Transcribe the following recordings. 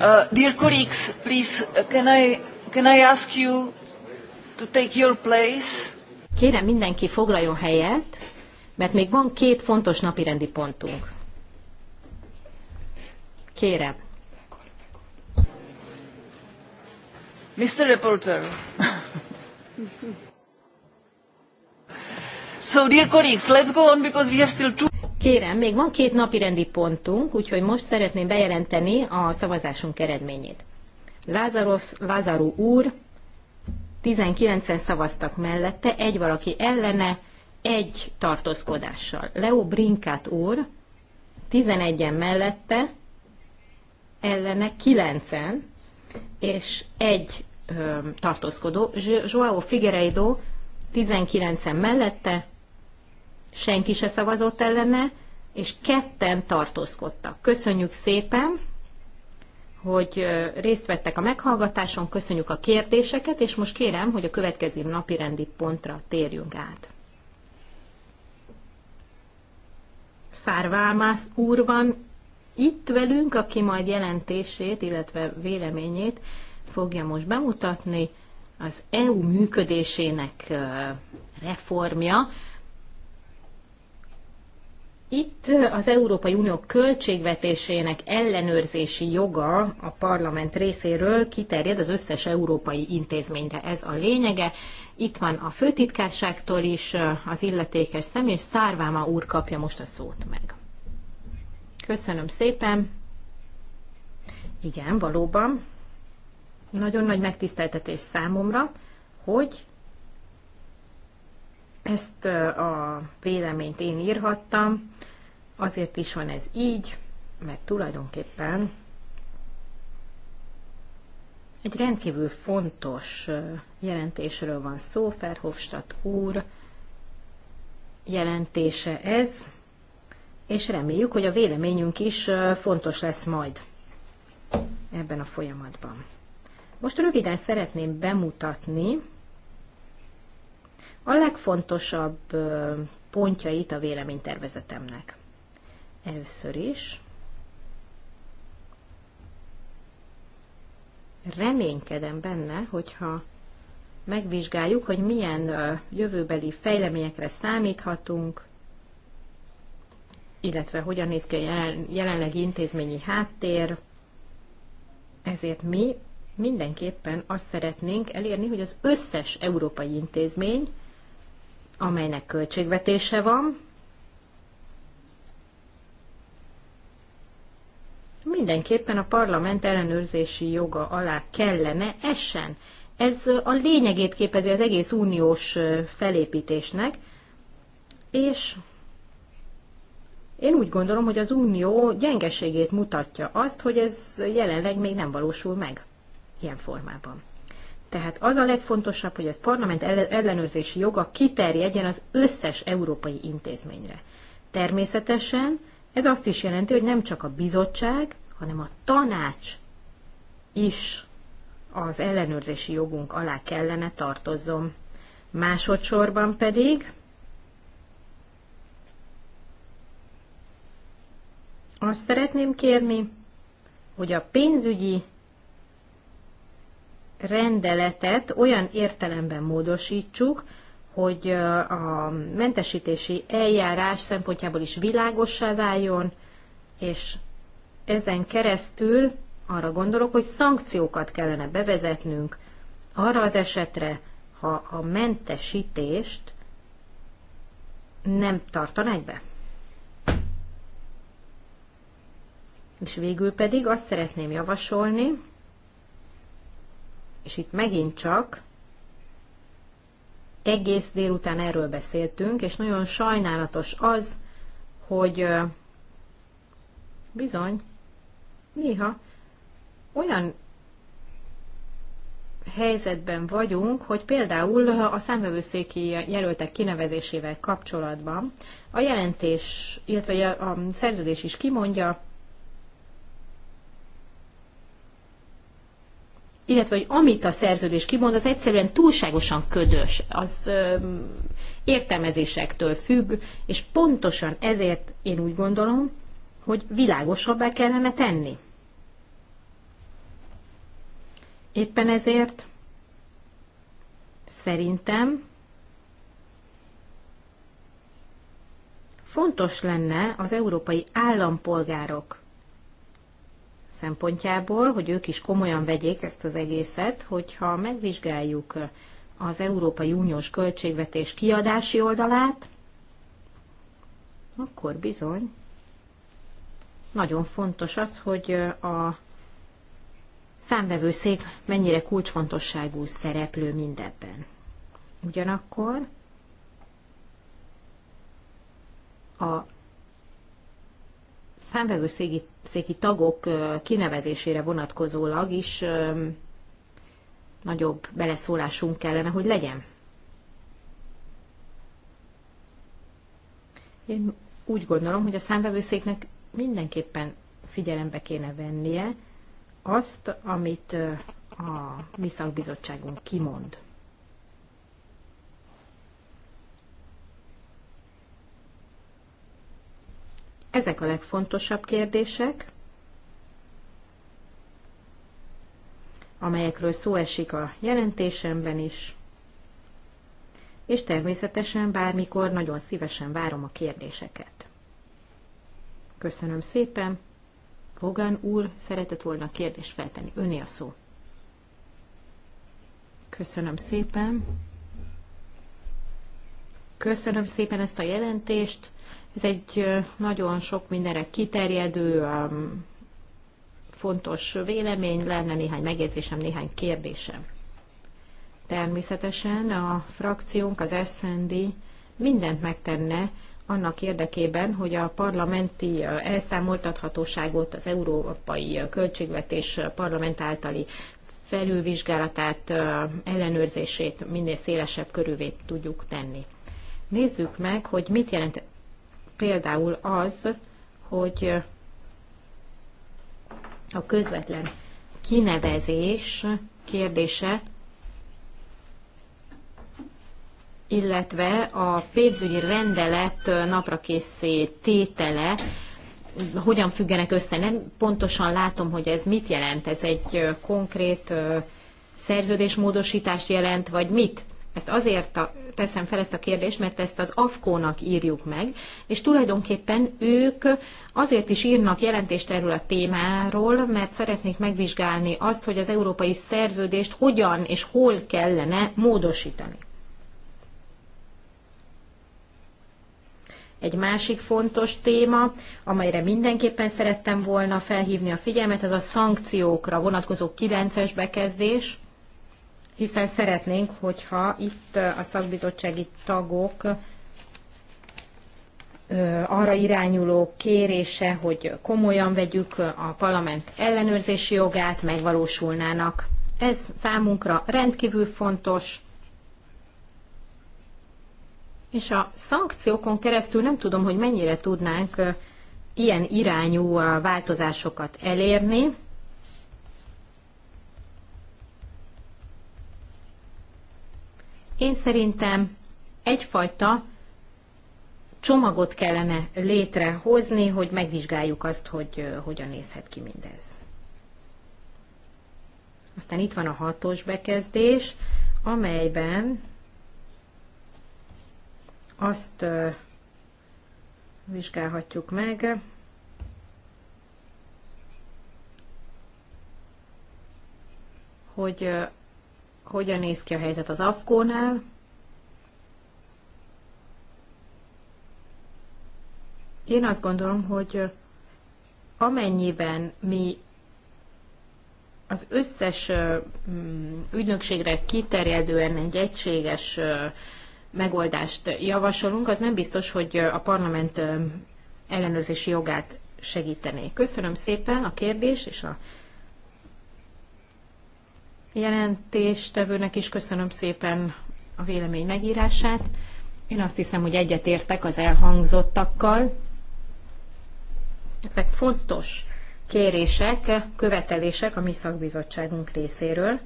Uh, dear colleagues, please, uh, can I, can I ask you to take your place? Kérem mindenki foglaljon helyet, mert még van két fontos napirendi pontunk. Kérem. Mr. Reporter. so, dear colleagues, let's go on because we have still two Kérem, még van két napi rendi pontunk, úgyhogy most szeretném bejelenteni a szavazásunk eredményét. Lázaros, Lázaró úr 19-en szavaztak mellette, egy valaki ellene, egy tartózkodással. Leo Brinkát úr 11-en mellette, ellene 9-en, és egy ö, tartózkodó. Joao Figueiredo 19-en mellette, senki se szavazott ellene, és ketten tartózkodtak. Köszönjük szépen, hogy részt vettek a meghallgatáson, köszönjük a kérdéseket, és most kérem, hogy a következő napi rendi pontra térjünk át. Szárvámász úr van itt velünk, aki majd jelentését, illetve véleményét fogja most bemutatni az EU működésének reformja. Itt az Európai Unió költségvetésének ellenőrzési joga a parlament részéről kiterjed az összes európai intézményre. Ez a lényege. Itt van a főtitkárságtól is az illetékes személy, és Szárváma úr kapja most a szót meg. Köszönöm szépen. Igen, valóban. Nagyon nagy megtiszteltetés számomra, hogy ezt a véleményt én írhattam, azért is van ez így, mert tulajdonképpen egy rendkívül fontos jelentésről van szó, Ferhofstadt úr jelentése ez, és reméljük, hogy a véleményünk is fontos lesz majd ebben a folyamatban. Most röviden szeretném bemutatni a legfontosabb pontjait a véleménytervezetemnek. Először is reménykedem benne, hogyha megvizsgáljuk, hogy milyen jövőbeli fejleményekre számíthatunk, illetve hogyan néz ki a jelenlegi intézményi háttér. Ezért mi mindenképpen azt szeretnénk elérni, hogy az összes európai intézmény amelynek költségvetése van. Mindenképpen a parlament ellenőrzési joga alá kellene essen. Ez a lényegét képezi az egész uniós felépítésnek, és én úgy gondolom, hogy az unió gyengeségét mutatja azt, hogy ez jelenleg még nem valósul meg ilyen formában. Tehát az a legfontosabb, hogy a parlament ellenőrzési joga kiterjedjen az összes európai intézményre. Természetesen ez azt is jelenti, hogy nem csak a bizottság, hanem a tanács is az ellenőrzési jogunk alá kellene tartozzon. Másodszorban pedig azt szeretném kérni, hogy a pénzügyi rendeletet olyan értelemben módosítsuk, hogy a mentesítési eljárás szempontjából is világossá váljon, és ezen keresztül arra gondolok, hogy szankciókat kellene bevezetnünk arra az esetre, ha a mentesítést nem tartanák be. És végül pedig azt szeretném javasolni, és itt megint csak egész délután erről beszéltünk, és nagyon sajnálatos az, hogy bizony, néha olyan helyzetben vagyunk, hogy például a számvevőszéki jelöltek kinevezésével kapcsolatban a jelentés, illetve a szerződés is kimondja, illetve hogy amit a szerződés kimond, az egyszerűen túlságosan ködös, az ö, értelmezésektől függ, és pontosan ezért én úgy gondolom, hogy világosabbá kellene tenni. Éppen ezért szerintem fontos lenne az európai állampolgárok szempontjából, hogy ők is komolyan vegyék ezt az egészet, hogyha megvizsgáljuk az Európai Uniós költségvetés kiadási oldalát, akkor bizony nagyon fontos az, hogy a számvevőszék mennyire kulcsfontosságú szereplő mindebben. Ugyanakkor a számvevőszéki tagok kinevezésére vonatkozólag is nagyobb beleszólásunk kellene, hogy legyen. Én úgy gondolom, hogy a számvevőszéknek mindenképpen figyelembe kéne vennie azt, amit a mi szakbizottságunk kimond. Ezek a legfontosabb kérdések, amelyekről szó esik a jelentésemben is, és természetesen bármikor nagyon szívesen várom a kérdéseket. Köszönöm szépen! Fogan úr szeretett volna kérdést feltenni. Öné a szó. Köszönöm szépen. Köszönöm szépen ezt a jelentést. Ez egy nagyon sok mindenre kiterjedő, fontos vélemény, lenne néhány megjegyzésem, néhány kérdésem. Természetesen a frakciónk, az SND mindent megtenne annak érdekében, hogy a parlamenti elszámoltathatóságot, az európai költségvetés parlament általi felülvizsgálatát, ellenőrzését minél szélesebb körülvét tudjuk tenni. Nézzük meg, hogy mit jelent például az, hogy a közvetlen kinevezés kérdése, illetve a pénzügyi rendelet naprakészé tétele, hogyan függenek össze. Nem pontosan látom, hogy ez mit jelent. Ez egy konkrét szerződésmódosítást jelent, vagy mit? Ezt azért a, teszem fel ezt a kérdést, mert ezt az afko nak írjuk meg, és tulajdonképpen ők azért is írnak jelentést erről a témáról, mert szeretnék megvizsgálni azt, hogy az európai szerződést hogyan és hol kellene módosítani. Egy másik fontos téma, amelyre mindenképpen szerettem volna felhívni a figyelmet, ez a szankciókra vonatkozó 9-es bekezdés hiszen szeretnénk, hogyha itt a szakbizottsági tagok arra irányuló kérése, hogy komolyan vegyük a parlament ellenőrzési jogát, megvalósulnának. Ez számunkra rendkívül fontos, és a szankciókon keresztül nem tudom, hogy mennyire tudnánk ilyen irányú változásokat elérni, Én szerintem egyfajta csomagot kellene létrehozni, hogy megvizsgáljuk azt, hogy hogyan nézhet ki mindez. Aztán itt van a hatos bekezdés, amelyben azt vizsgálhatjuk meg, hogy hogyan néz ki a helyzet az Afkónál. Én azt gondolom, hogy amennyiben mi az összes mm, ügynökségre kiterjedően egy egységes megoldást javasolunk, az nem biztos, hogy a parlament ellenőrzési jogát segítené. Köszönöm szépen a kérdés és a jelentéstevőnek is köszönöm szépen a vélemény megírását. Én azt hiszem, hogy egyetértek az elhangzottakkal. Ezek fontos kérések, követelések a mi szakbizottságunk részéről.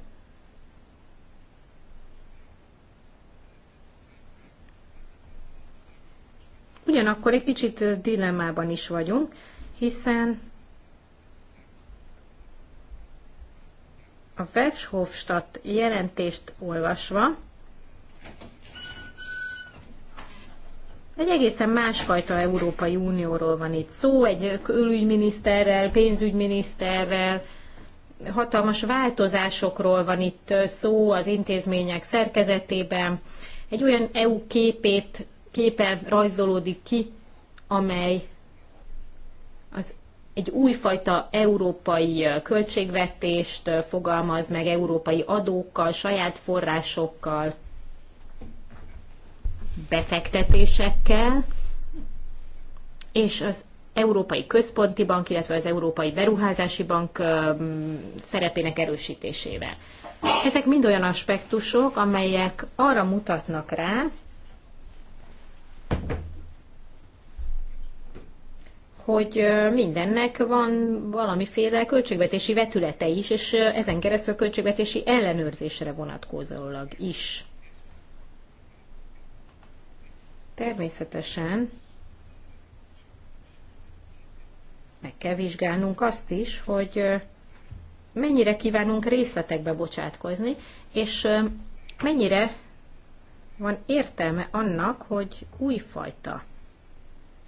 Ugyanakkor egy kicsit dilemmában is vagyunk, hiszen a Verhofstadt jelentést olvasva egy egészen másfajta Európai Unióról van itt szó, egy külügyminiszterrel, pénzügyminiszterrel, hatalmas változásokról van itt szó az intézmények szerkezetében. Egy olyan EU képét, képe rajzolódik ki, amely egy újfajta európai költségvetést fogalmaz meg, európai adókkal, saját forrásokkal, befektetésekkel, és az Európai Központi Bank, illetve az Európai Beruházási Bank szerepének erősítésével. Ezek mind olyan aspektusok, amelyek arra mutatnak rá, hogy mindennek van valamiféle költségvetési vetülete is, és ezen keresztül költségvetési ellenőrzésre vonatkozólag is. Természetesen meg kell vizsgálnunk azt is, hogy mennyire kívánunk részletekbe bocsátkozni, és mennyire van értelme annak, hogy újfajta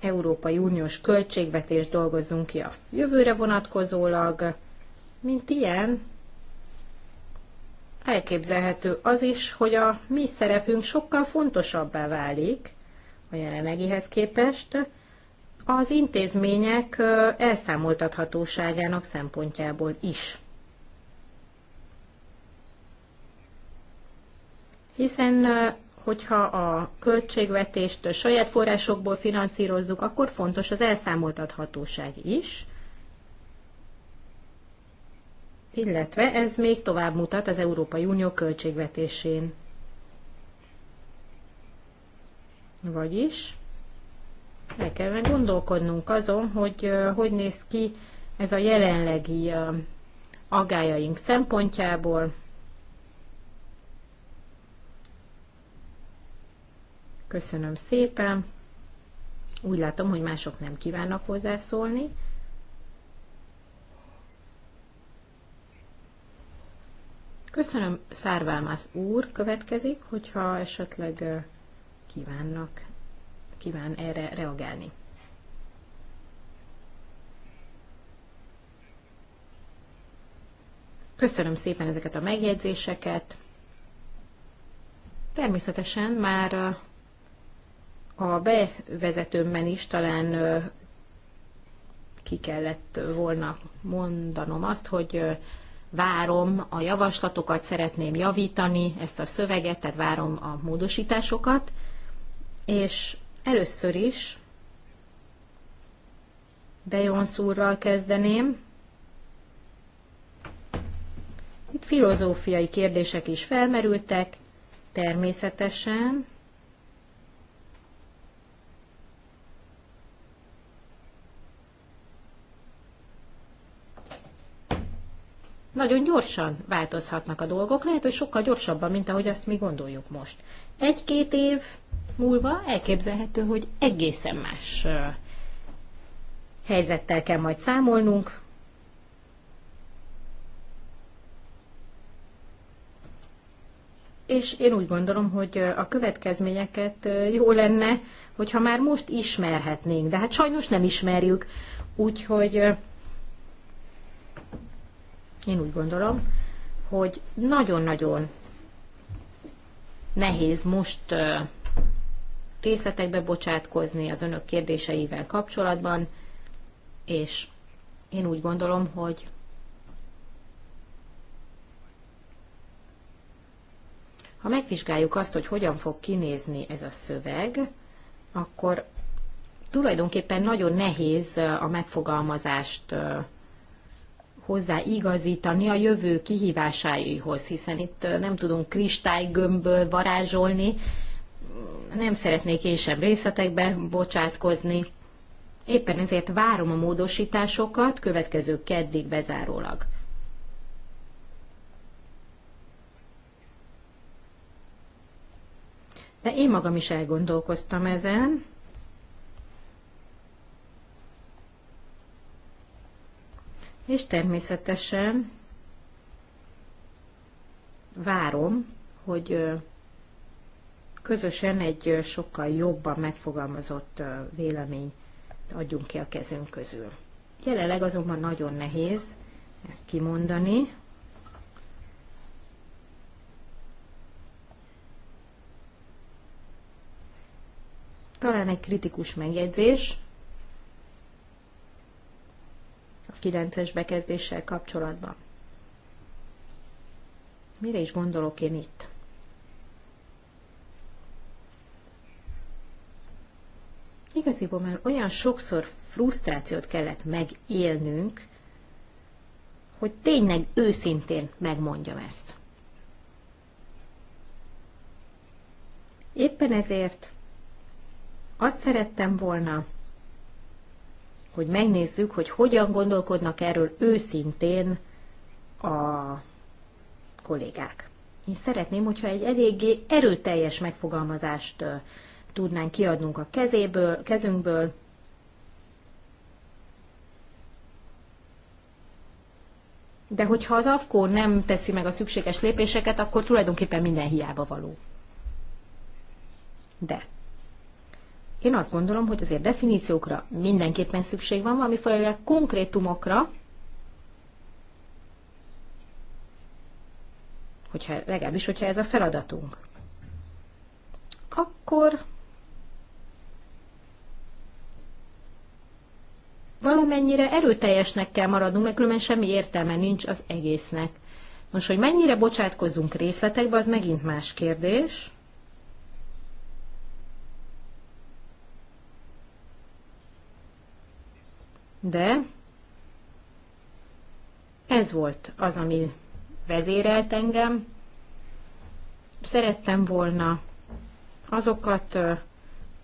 Európai Uniós költségvetést dolgozzunk ki a jövőre vonatkozólag, mint ilyen elképzelhető az is, hogy a mi szerepünk sokkal fontosabbá válik a jelenlegihez képest az intézmények elszámoltathatóságának szempontjából is. Hiszen hogyha a költségvetést a saját forrásokból finanszírozzuk, akkor fontos az elszámoltathatóság is, illetve ez még tovább mutat az Európai Unió költségvetésén. Vagyis meg kellene gondolkodnunk azon, hogy hogy néz ki ez a jelenlegi agályaink szempontjából, Köszönöm szépen. Úgy látom, hogy mások nem kívánnak hozzászólni. Köszönöm, Szárválmász úr következik, hogyha esetleg kívánnak, kíván erre reagálni. Köszönöm szépen ezeket a megjegyzéseket. Természetesen már a bevezetőmben is talán ki kellett volna mondanom azt, hogy várom a javaslatokat, szeretném javítani ezt a szöveget, tehát várom a módosításokat, és először is Bejonsz úrral kezdeném. Itt filozófiai kérdések is felmerültek, természetesen Nagyon gyorsan változhatnak a dolgok, lehet, hogy sokkal gyorsabban, mint ahogy azt mi gondoljuk most. Egy-két év múlva elképzelhető, hogy egészen más helyzettel kell majd számolnunk, és én úgy gondolom, hogy a következményeket jó lenne, hogyha már most ismerhetnénk, de hát sajnos nem ismerjük, úgyhogy én úgy gondolom, hogy nagyon-nagyon nehéz most részletekbe bocsátkozni az önök kérdéseivel kapcsolatban, és én úgy gondolom, hogy ha megvizsgáljuk azt, hogy hogyan fog kinézni ez a szöveg, akkor tulajdonképpen nagyon nehéz a megfogalmazást hozzáigazítani a jövő kihívásaihoz, hiszen itt nem tudunk kristálygömbből varázsolni, nem szeretnék én sem részletekbe bocsátkozni. Éppen ezért várom a módosításokat következő keddig bezárólag. De én magam is elgondolkoztam ezen, és természetesen várom, hogy közösen egy sokkal jobban megfogalmazott vélemény adjunk ki a kezünk közül. Jelenleg azonban nagyon nehéz ezt kimondani. Talán egy kritikus megjegyzés, 9-es bekezdéssel kapcsolatban. Mire is gondolok én itt? Igaziból már olyan sokszor frusztrációt kellett megélnünk, hogy tényleg őszintén megmondjam ezt. Éppen ezért azt szerettem volna, hogy megnézzük, hogy hogyan gondolkodnak erről őszintén a kollégák. Én szeretném, hogyha egy eléggé erőteljes megfogalmazást tudnánk kiadnunk a kezéből, kezünkből, De hogyha az AFKO nem teszi meg a szükséges lépéseket, akkor tulajdonképpen minden hiába való. De én azt gondolom, hogy azért definíciókra mindenképpen szükség van, valamiféle konkrétumokra, hogyha, legalábbis, hogyha ez a feladatunk. Akkor valamennyire erőteljesnek kell maradnunk, mert különben semmi értelme nincs az egésznek. Most, hogy mennyire bocsátkozunk részletekbe, az megint más kérdés. de ez volt az, ami vezérelt engem. Szerettem volna azokat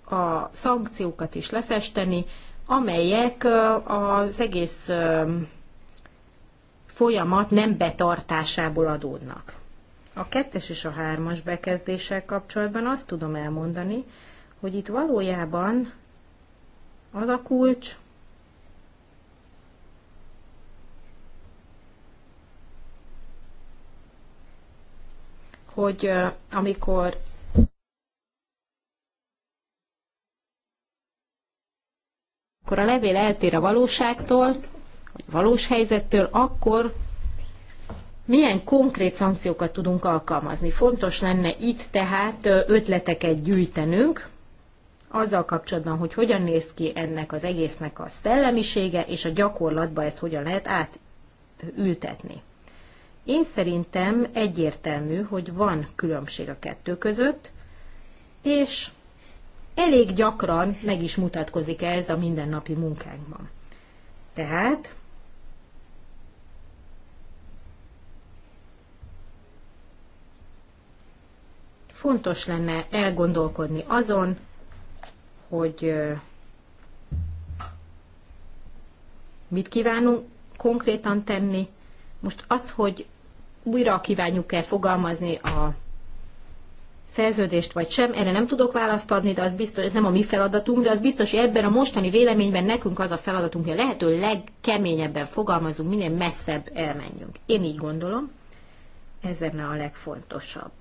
a szankciókat is lefesteni, amelyek az egész folyamat nem betartásából adódnak. A kettes és a hármas bekezdéssel kapcsolatban azt tudom elmondani, hogy itt valójában az a kulcs, hogy amikor akkor a levél eltér a valóságtól, vagy valós helyzettől, akkor milyen konkrét szankciókat tudunk alkalmazni? Fontos lenne itt tehát ötleteket gyűjtenünk, azzal kapcsolatban, hogy hogyan néz ki ennek az egésznek a szellemisége, és a gyakorlatban ezt hogyan lehet átültetni. Én szerintem egyértelmű, hogy van különbség a kettő között, és elég gyakran meg is mutatkozik ez a mindennapi munkánkban. Tehát fontos lenne elgondolkodni azon, hogy mit kívánunk konkrétan tenni. Most az, hogy újra kívánjuk-e fogalmazni a szerződést vagy sem, erre nem tudok választ adni, de az biztos, ez nem a mi feladatunk, de az biztos, hogy ebben a mostani véleményben nekünk az a feladatunk, hogy a lehető legkeményebben fogalmazunk, minél messzebb elmenjünk. Én így gondolom, ez lenne a legfontosabb.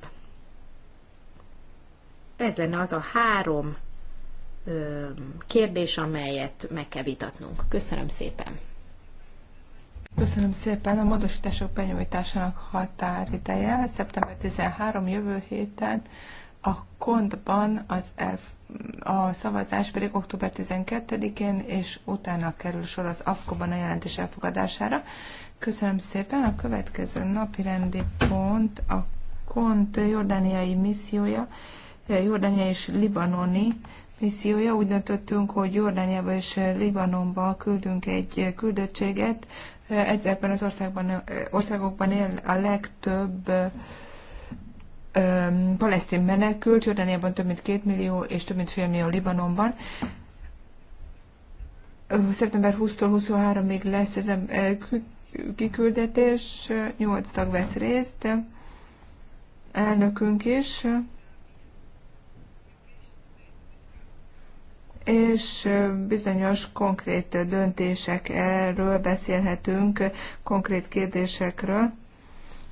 Ez lenne az a három ö, kérdés, amelyet meg kell vitatnunk. Köszönöm szépen! Köszönöm szépen. A módosítások benyújtásának határideje szeptember 13 jövő héten, a kontban az elf, a szavazás pedig október 12-én, és utána kerül sor az AFKO-ban a jelentés elfogadására. Köszönöm szépen. A következő napi rendi pont a kont jordániai missziója, jordániai és libanoni missziója. Úgy döntöttünk, hogy Jordániába és Libanonba küldünk egy küldöttséget ez az országban, országokban él a legtöbb palesztin menekült, Jordániában több mint két millió és több mint fél millió Libanonban. Szeptember 20-tól 23-ig lesz ez a kiküldetés, nyolc tag vesz részt, elnökünk is, és bizonyos konkrét döntésekről beszélhetünk, konkrét kérdésekről.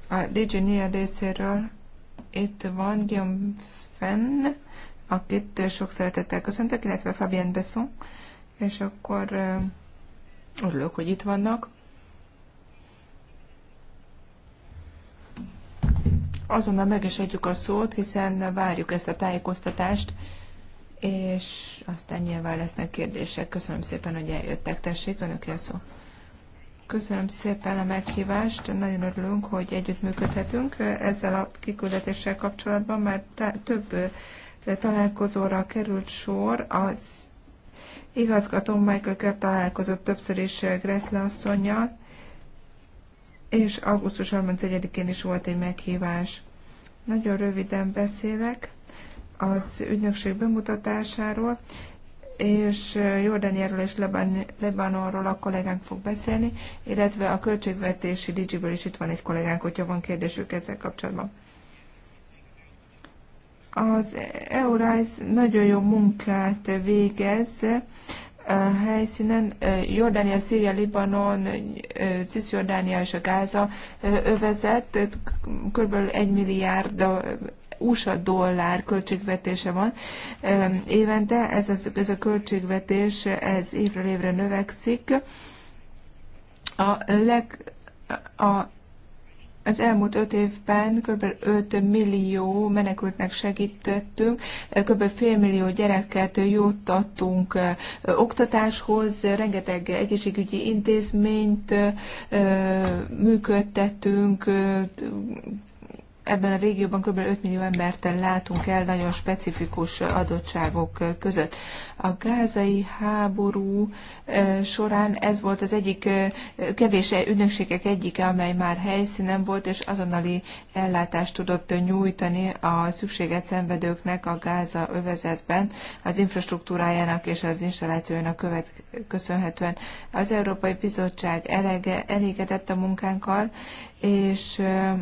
A DJ Nia részéről itt van Guillaume Fenn, akit sok szeretettel köszöntök, illetve Fabien Besson, és akkor örülök, hogy itt vannak. Azonnal meg is adjuk a szót, hiszen várjuk ezt a tájékoztatást és aztán nyilván lesznek kérdések. Köszönöm szépen, hogy eljöttek. Tessék, önöké a szó. Köszönöm szépen a meghívást, nagyon örülünk, hogy együttműködhetünk ezzel a kiküldetéssel kapcsolatban, mert több találkozóra került sor, az igazgató Michael Kerr találkozott többször is Gressle asszonynal, és augusztus 31-én is volt egy meghívás. Nagyon röviden beszélek az ügynökség bemutatásáról, és Jordániáról és Lebanonról a kollégánk fog beszélni, illetve a költségvetési digiből is itt van egy kollégánk, hogyha van kérdésük ezzel kapcsolatban. Az EURISE nagyon jó munkát végez a eh, helyszínen. Eh, Jordánia, Szíria, Libanon, eh, Cisjordánia és a Gáza övezet kb. 1 milliárd USA dollár költségvetése van évente, ez, a, ez a költségvetés ez évről évre növekszik. A leg, a, az elmúlt öt évben kb. 5 millió menekültnek segítettünk, kb. fél millió gyereket juttattunk oktatáshoz, rengeteg egészségügyi intézményt működtettünk, ebben a régióban kb. 5 millió embert látunk el nagyon specifikus adottságok között. A gázai háború eh, során ez volt az egyik eh, kevés ünnökségek egyike, amely már helyszínen volt, és azonnali ellátást tudott nyújtani a szükséget szenvedőknek a gáza övezetben, az infrastruktúrájának és az installációjának követ, köszönhetően. Az Európai Bizottság elege, elégedett a munkánkkal, és eh,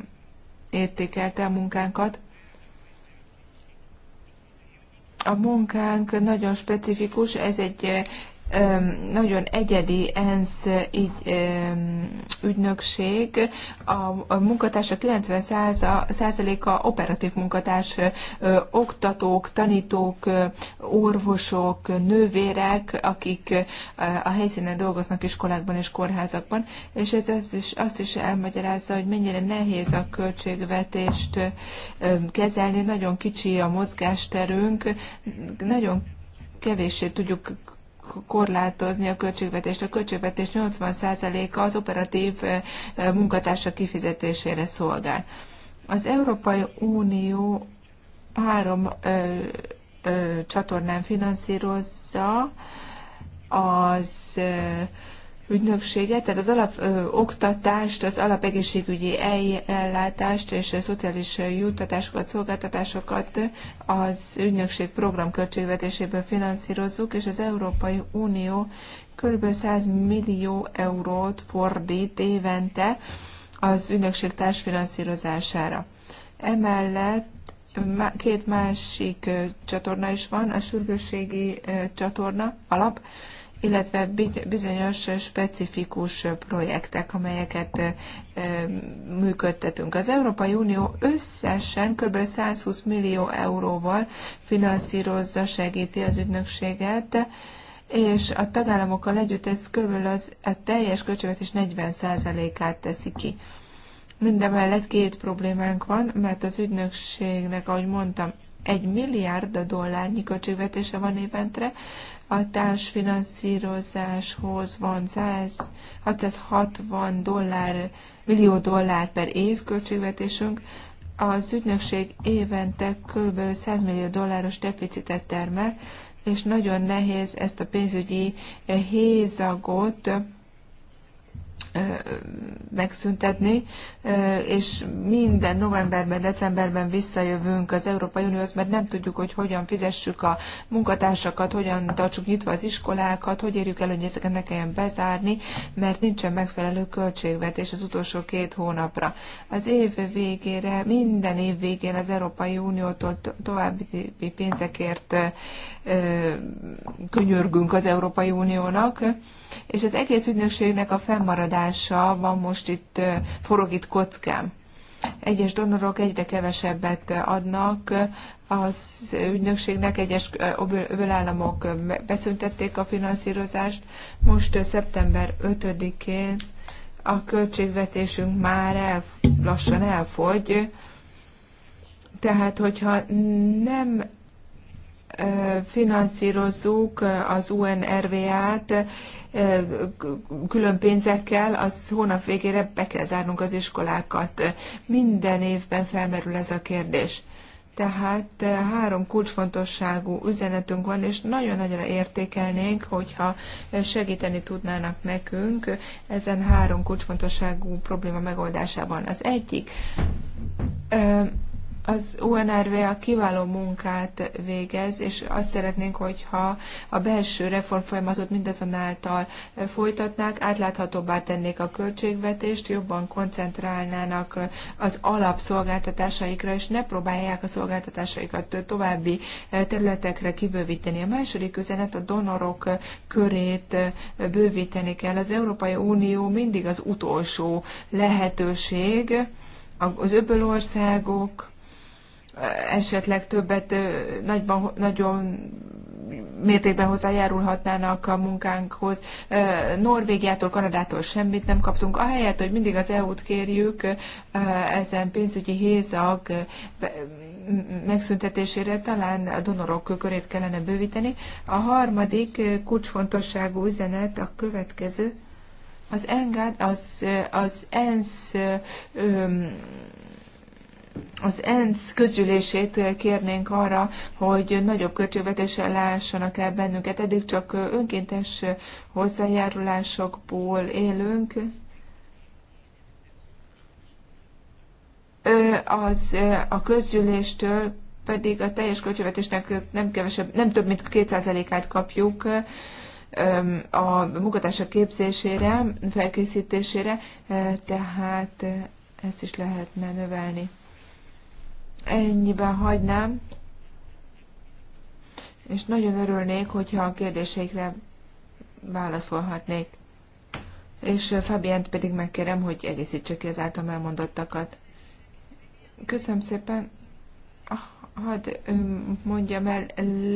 értékelte a munkánkat. A munkánk nagyon specifikus, ez egy nagyon egyedi ENSZ így, ügynökség. A munkatársa 90%-a operatív munkatárs, oktatók, tanítók, orvosok, nővérek, akik a helyszínen dolgoznak iskolákban és kórházakban, és ez az is, azt is elmagyarázza, hogy mennyire nehéz a költségvetést kezelni, nagyon kicsi a mozgásterünk, nagyon kevéssé tudjuk korlátozni a költségvetést. A költségvetés 80%-a az operatív munkatársak kifizetésére szolgál. Az Európai Unió három ö, ö, csatornán finanszírozza az ö, ügynökséget, tehát az alapoktatást, az alapegészségügyi ellátást és a szociális juttatásokat, szolgáltatásokat az ügynökség program költségvetéséből finanszírozzuk, és az Európai Unió kb. 100 millió eurót fordít évente az ügynökség társfinanszírozására. Emellett két másik csatorna is van, a sürgősségi csatorna alap, illetve bizonyos specifikus projektek, amelyeket működtetünk. Az Európai Unió összesen kb. 120 millió euróval finanszírozza, segíti az ügynökséget, és a tagállamokkal együtt ez kb. Az, a teljes költségvetés 40%-át teszi ki. Mindemellett két problémánk van, mert az ügynökségnek, ahogy mondtam, egy milliárd dollárnyi költségvetése van évente, a társfinanszírozáshoz van 100, 660 dollár, millió dollár per év költségvetésünk, az ügynökség évente kb. 100 millió dolláros deficitet termel, és nagyon nehéz ezt a pénzügyi hézagot megszüntetni, és minden novemberben, decemberben visszajövünk az Európai Unióhoz, mert nem tudjuk, hogy hogyan fizessük a munkatársakat, hogyan tartsuk nyitva az iskolákat, hogy érjük el, hogy ezeket ne kelljen bezárni, mert nincsen megfelelő költségvetés az utolsó két hónapra. Az év végére, minden év végén az Európai Uniótól további pénzekért könyörgünk az Európai Uniónak, és az egész ügynökségnek a fennmaradás megoldása van most itt, forog itt kockám. Egyes donorok egyre kevesebbet adnak az ügynökségnek, egyes államok beszüntették a finanszírozást. Most szeptember 5-én a költségvetésünk már el, lassan elfogy, tehát hogyha nem finanszírozzuk az UNRVA-t külön pénzekkel, az hónap végére be kell zárnunk az iskolákat. Minden évben felmerül ez a kérdés. Tehát három kulcsfontosságú üzenetünk van, és nagyon nagyon értékelnénk, hogyha segíteni tudnának nekünk ezen három kulcsfontosságú probléma megoldásában. Az egyik az UNRV a kiváló munkát végez, és azt szeretnénk, hogyha a belső reformfolyamatot mindazonáltal folytatnák, átláthatóbbá tennék a költségvetést, jobban koncentrálnának az alapszolgáltatásaikra, és ne próbálják a szolgáltatásaikat további területekre kibővíteni. A második üzenet a donorok körét bővíteni kell. Az Európai Unió mindig az utolsó lehetőség, az öbölországok, esetleg többet nagyban, nagyon mértékben hozzájárulhatnának a munkánkhoz. Norvégiától, Kanadától semmit nem kaptunk. Ahelyett, hogy mindig az EU-t kérjük ezen pénzügyi hézag megszüntetésére talán a donorok körét kellene bővíteni. A harmadik kulcsfontosságú üzenet a következő. Az, enged, az, az ENSZ öm, az ENSZ közgyűlését kérnénk arra, hogy nagyobb költségvetéssel lássanak el bennünket. Eddig csak önkéntes hozzájárulásokból élünk. Az a közgyűléstől pedig a teljes költségvetésnek nem, kevesebb, nem több, mint 2%-át kapjuk a munkatársak képzésére, felkészítésére, tehát ezt is lehetne növelni ennyiben hagynám, és nagyon örülnék, hogyha a kérdéseikre válaszolhatnék. És Fabient pedig megkérem, hogy egészítse ki az általam elmondottakat. Köszönöm szépen. Ah, hadd mondjam el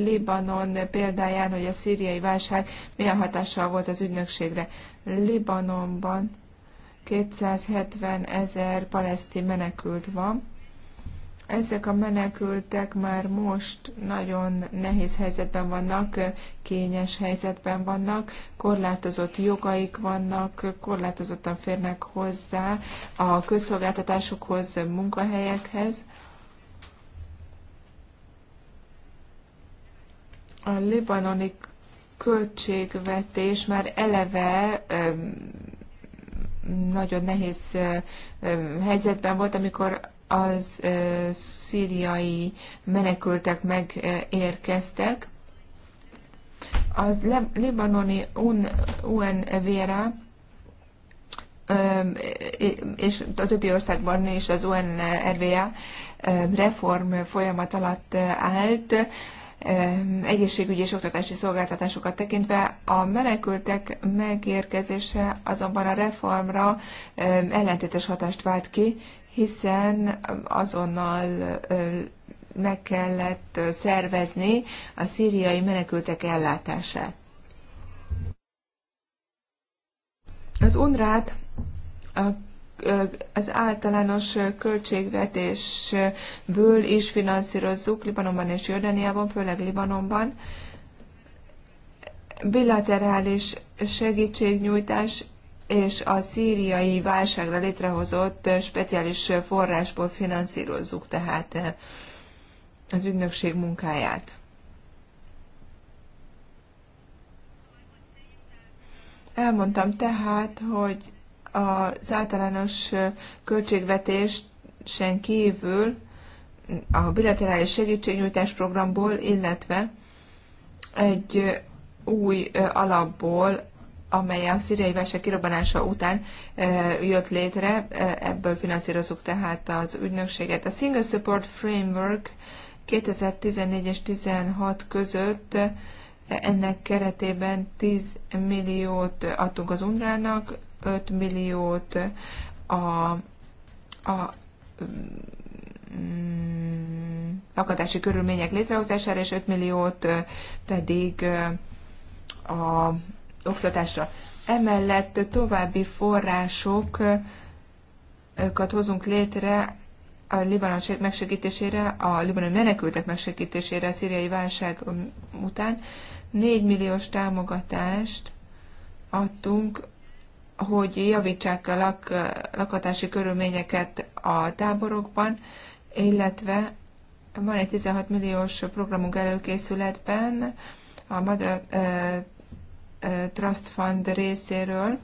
Libanon példáján, hogy a szíriai válság milyen hatással volt az ügynökségre. Libanonban 270 ezer palesztin menekült van, ezek a menekültek már most nagyon nehéz helyzetben vannak, kényes helyzetben vannak, korlátozott jogaik vannak, korlátozottan férnek hozzá a közszolgáltatásokhoz, munkahelyekhez. A libanoni költségvetés már eleve nagyon nehéz helyzetben volt, amikor az szíriai menekültek megérkeztek. Az libanoni UNVRA és a többi országban is az UNRVA reform folyamat alatt állt, egészségügyi és oktatási szolgáltatásokat tekintve a menekültek megérkezése azonban a reformra ellentétes hatást vált ki, hiszen azonnal meg kellett szervezni a szíriai menekültek ellátását. Az UNRÁT a az általános költségvetésből is finanszírozzuk Libanonban és Jordániában, főleg Libanonban. Bilaterális segítségnyújtás és a szíriai válságra létrehozott speciális forrásból finanszírozzuk tehát eh, az ügynökség munkáját. Elmondtam tehát, hogy az általános eh, költségvetésen kívül a bilaterális segítségnyújtás programból, illetve egy eh, új alapból amely a szíriai válság kirobbanása után jött létre, ebből finanszírozunk tehát az ügynökséget. A Single Support Framework 2014 és 2016 között ennek keretében 10 milliót adtunk az UNRWA-nak, 5 milliót a, a mm, lakatási körülmények létrehozására, és 5 milliót pedig a oktatásra. Emellett további forrásokat hozunk létre a Libanon megsegítésére, a libanon menekültek megsegítésére a szíriai válság um, után. 4 milliós támogatást adtunk, hogy javítsák a lak, lakhatási körülményeket a táborokban, illetve van egy 16 milliós programunk előkészületben, a Madra eh, Trust Fund részéről.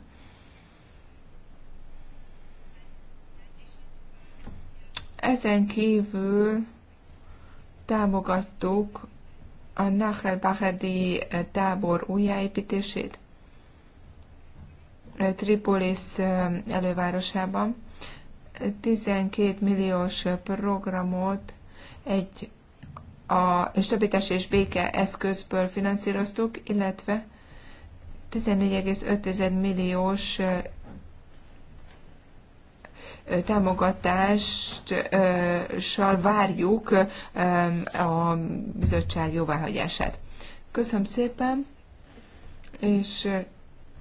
Ezen kívül támogattuk a Nahel Bahedi tábor újjáépítését Tripolis elővárosában. 12 milliós programot egy a stabilitás és béke eszközből finanszíroztuk, illetve 14,5 milliós támogatással várjuk a bizottság jóváhagyását. Köszönöm szépen, és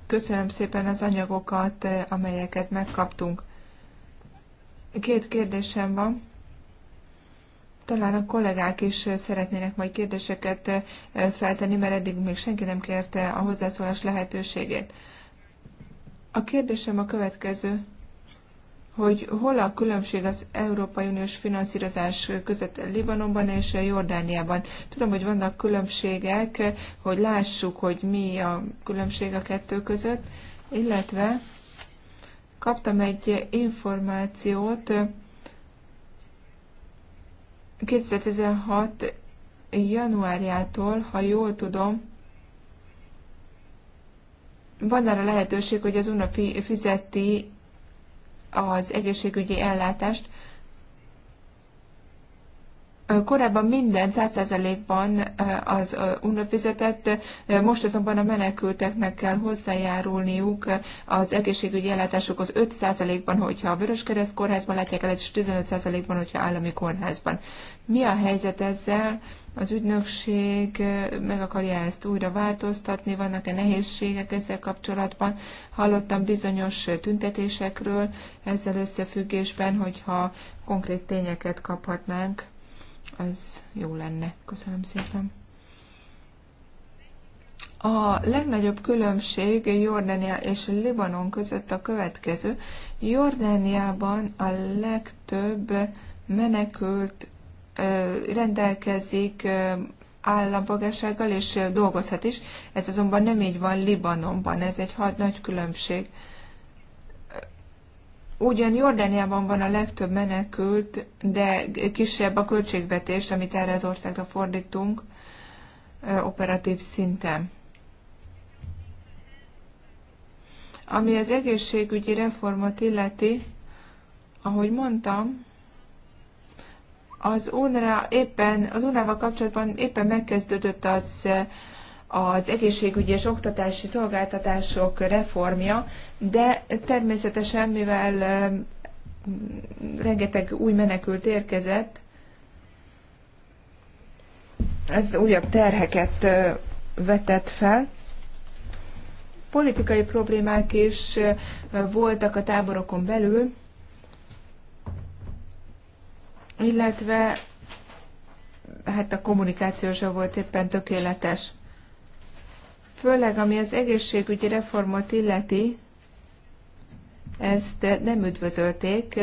köszönöm szépen az anyagokat, amelyeket megkaptunk. Két kérdésem van. Talán a kollégák is szeretnének majd kérdéseket eh, feltenni, mert eddig még senki nem kérte a hozzászólás lehetőségét. A kérdésem a következő, hogy hol a különbség az Európai Uniós finanszírozás között Libanonban és Jordániában. Tudom, hogy vannak különbségek, hogy lássuk, hogy mi a különbség a kettő között, illetve kaptam egy információt, 2016 januárjától, ha jól tudom, van arra lehetőség, hogy az UNA fizeti az egészségügyi ellátást, Korábban minden 100%-ban az UNRWA fizetett, most azonban a menekülteknek kell hozzájárulniuk az egészségügyi az 5%-ban, hogyha a Vöröskereszt kórházban látják el, és 15%-ban, hogyha állami kórházban. Mi a helyzet ezzel? Az ügynökség meg akarja ezt újra változtatni, vannak-e nehézségek ezzel kapcsolatban? Hallottam bizonyos tüntetésekről ezzel összefüggésben, hogyha konkrét tényeket kaphatnánk ez jó lenne. Köszönöm szépen. A legnagyobb különbség Jordánia és Libanon között a következő. Jordániában a legtöbb menekült rendelkezik állampolgársággal, és dolgozhat is. Ez azonban nem így van Libanonban, ez egy nagy különbség. Ugyan Jordániában van a legtöbb menekült, de kisebb a költségvetés, amit erre az országra fordítunk operatív szinten. Ami az egészségügyi reformot illeti, ahogy mondtam, az UNRWA éppen, az UNRWA kapcsolatban éppen megkezdődött az az egészségügyi és oktatási szolgáltatások reformja, de természetesen, mivel rengeteg új menekült érkezett, ez újabb terheket vetett fel. Politikai problémák is voltak a táborokon belül, illetve hát a kommunikáció sem volt éppen tökéletes főleg ami az egészségügyi reformot illeti, ezt nem üdvözölték,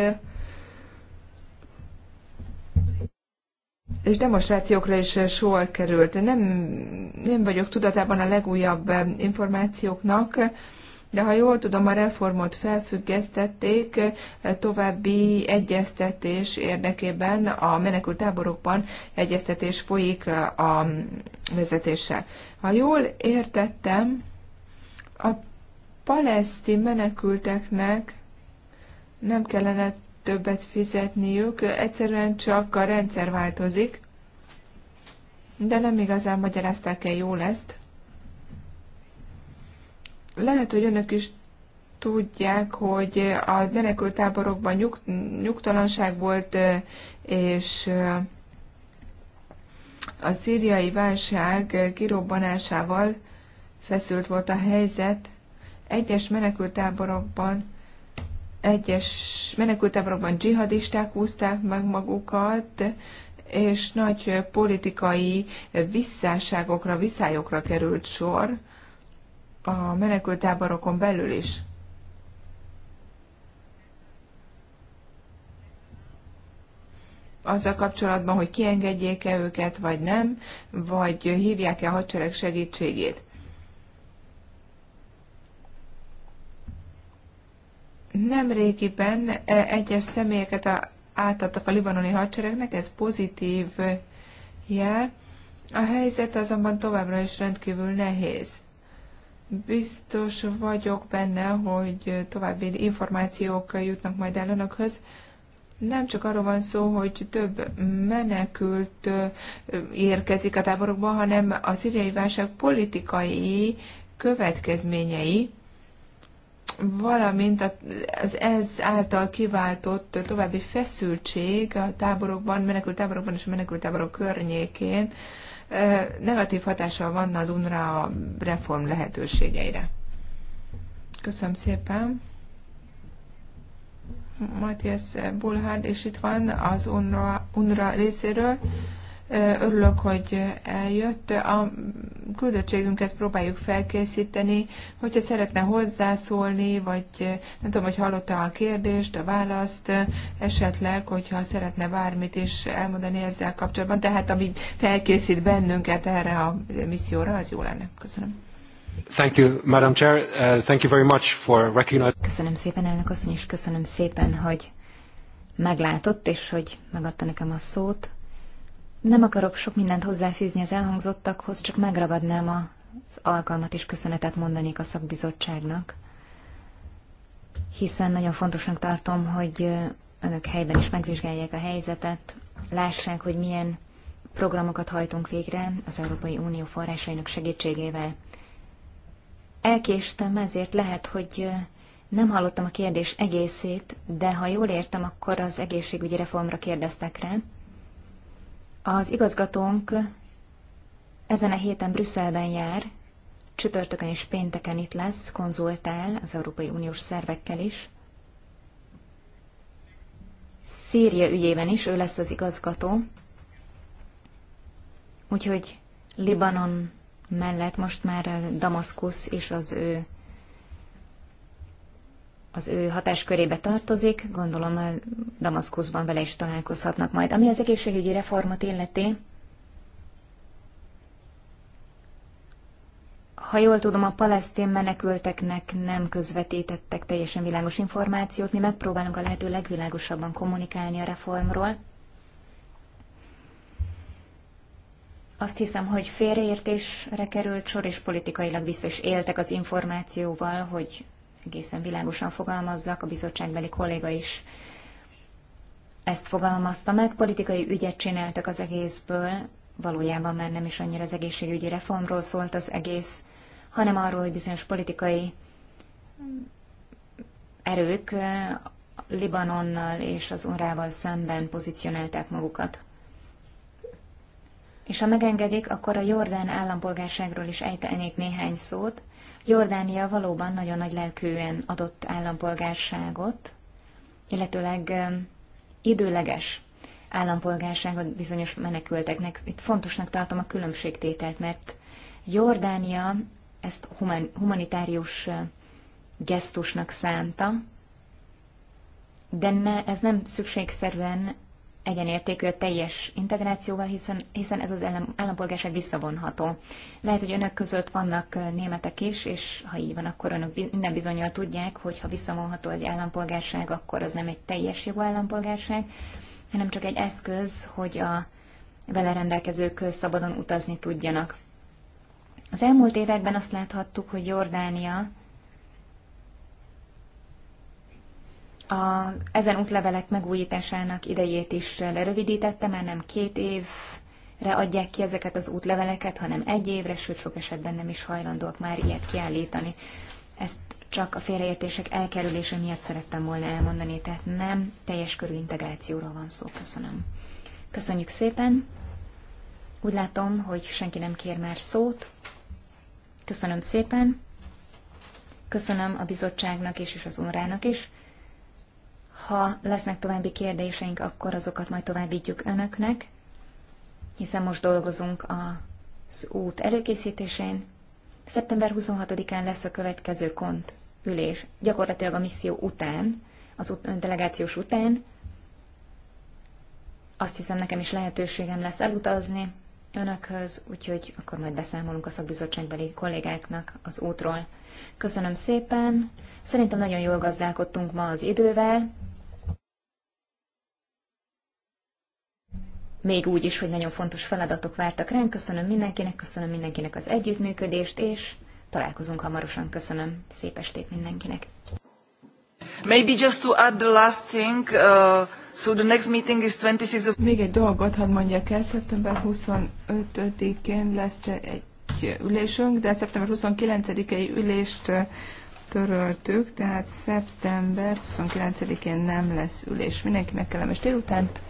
és demonstrációkra is sor került. Nem, nem vagyok tudatában a legújabb információknak, de ha jól tudom, a reformot felfüggesztették eh, további egyeztetés érdekében, a menekült táborokban egyeztetés folyik eh, a vezetéssel. Ha jól értettem, a paleszti menekülteknek nem kellene többet fizetniük, egyszerűen csak a rendszer változik, de nem igazán magyarázták el jól ezt. Lehet, hogy önök is tudják, hogy a menekültáborokban nyug, nyugtalanság volt, és a szíriai válság kirobbanásával feszült volt a helyzet. Egyes menekültáborokban egyes menekültáborokban dzsihadisták húzták meg magukat, és nagy politikai visszáságokra, visszájokra került sor a menekültáborokon belül is. azzal kapcsolatban, hogy kiengedjék-e őket, vagy nem, vagy hívják-e a hadsereg segítségét. Nem régiben e, egyes személyeket átadtak a libanoni hadseregnek, ez pozitív jel. A helyzet azonban továbbra is rendkívül nehéz. Biztos vagyok benne, hogy további információk jutnak majd el önökhöz. Nem csak arról van szó, hogy több menekült érkezik a táborokba, hanem a szíriai válság politikai következményei, valamint az ez által kiváltott további feszültség a táborokban, menekült táborokban és a menekült táborok környékén negatív hatással van az UNRWA a reform lehetőségeire. Köszönöm szépen. Matthias Bulhard, és itt van az UNRWA, UNRWA részéről. Örülök, hogy eljött. A küldöttségünket próbáljuk felkészíteni. Hogyha szeretne hozzászólni, vagy nem tudom, hogy hallotta a kérdést, a választ, esetleg, hogyha szeretne bármit is elmondani ezzel kapcsolatban, tehát ami felkészít bennünket erre a misszióra, az jó lenne. Köszönöm. Thank you, Madam Chair. Uh, thank you very much for recognizing... Köszönöm szépen, elnök asszony, és köszönöm szépen, hogy meglátott, és hogy megadta nekem a szót. Nem akarok sok mindent hozzáfűzni az elhangzottakhoz, csak megragadnám az alkalmat és köszönetet mondanék a szakbizottságnak, hiszen nagyon fontosnak tartom, hogy önök helyben is megvizsgálják a helyzetet, lássák, hogy milyen programokat hajtunk végre az Európai Unió forrásainak segítségével. Elkéstem, ezért lehet, hogy nem hallottam a kérdés egészét, de ha jól értem, akkor az egészségügyi reformra kérdeztek rá. Az igazgatónk ezen a héten Brüsszelben jár, csütörtökön és pénteken itt lesz, konzultál az Európai Uniós szervekkel is. Szíria ügyében is ő lesz az igazgató, úgyhogy Libanon mellett most már Damaszkusz és az ő az ő hatáskörébe tartozik, gondolom eh, Damaszkuszban vele is találkozhatnak majd. Ami az egészségügyi reformat illeti, ha jól tudom, a palesztin menekülteknek nem közvetítettek teljesen világos információt, mi megpróbálunk a lehető legvilágosabban kommunikálni a reformról. Azt hiszem, hogy félreértésre került sor, és politikailag vissza is éltek az információval, hogy egészen világosan fogalmazzak, a bizottságbeli kolléga is ezt fogalmazta meg, politikai ügyet csináltak az egészből, valójában már nem is annyira az egészségügyi reformról szólt az egész, hanem arról, hogy bizonyos politikai erők Libanonnal és az unrával szemben pozícionálták magukat. És ha megengedik, akkor a Jordán állampolgárságról is ejtenék néhány szót. Jordánia valóban nagyon nagy lelkűen adott állampolgárságot, illetőleg időleges állampolgárságot bizonyos menekülteknek. Itt fontosnak tartom a különbségtételt, mert Jordánia ezt humanitárius gesztusnak szánta, de ne, ez nem szükségszerűen egyenértékű a teljes integrációval, hiszen, hiszen ez az állampolgárság visszavonható. Lehet, hogy önök között vannak németek is, és ha így van, akkor önök minden bizonyal tudják, hogy ha visszavonható egy állampolgárság, akkor az nem egy teljes jogú állampolgárság, hanem csak egy eszköz, hogy a vele rendelkezők szabadon utazni tudjanak. Az elmúlt években azt láthattuk, hogy Jordánia a, ezen útlevelek megújításának idejét is lerövidítette, már nem két évre adják ki ezeket az útleveleket, hanem egy évre, sőt sok esetben nem is hajlandóak már ilyet kiállítani. Ezt csak a félreértések elkerülése miatt szerettem volna elmondani, tehát nem teljes körű integrációról van szó. Köszönöm. Köszönjük szépen. Úgy látom, hogy senki nem kér már szót. Köszönöm szépen. Köszönöm a bizottságnak is, és az órának is. Ha lesznek további kérdéseink, akkor azokat majd továbbítjuk önöknek, hiszen most dolgozunk az út előkészítésén. Szeptember 26-án lesz a következő kont ülés, gyakorlatilag a misszió után, az ut- delegációs után. Azt hiszem, nekem is lehetőségem lesz elutazni, önökhöz, úgyhogy akkor majd beszámolunk a szakbizottságbeli kollégáknak az útról. Köszönöm szépen. Szerintem nagyon jól gazdálkodtunk ma az idővel. Még úgy is, hogy nagyon fontos feladatok vártak ránk. Köszönöm mindenkinek, köszönöm mindenkinek az együttműködést, és találkozunk hamarosan. Köszönöm. Szép estét mindenkinek. Maybe just to add the last thing, uh... So the next meeting is 26 of... Még egy dolgot hadd mondjak el, szeptember 25-én lesz egy ülésünk, de szeptember 29-i ülést töröltük, tehát szeptember 29-én nem lesz ülés. Mindenkinek kellemes délutánt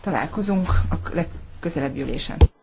találkozunk a legközelebbi ülésen.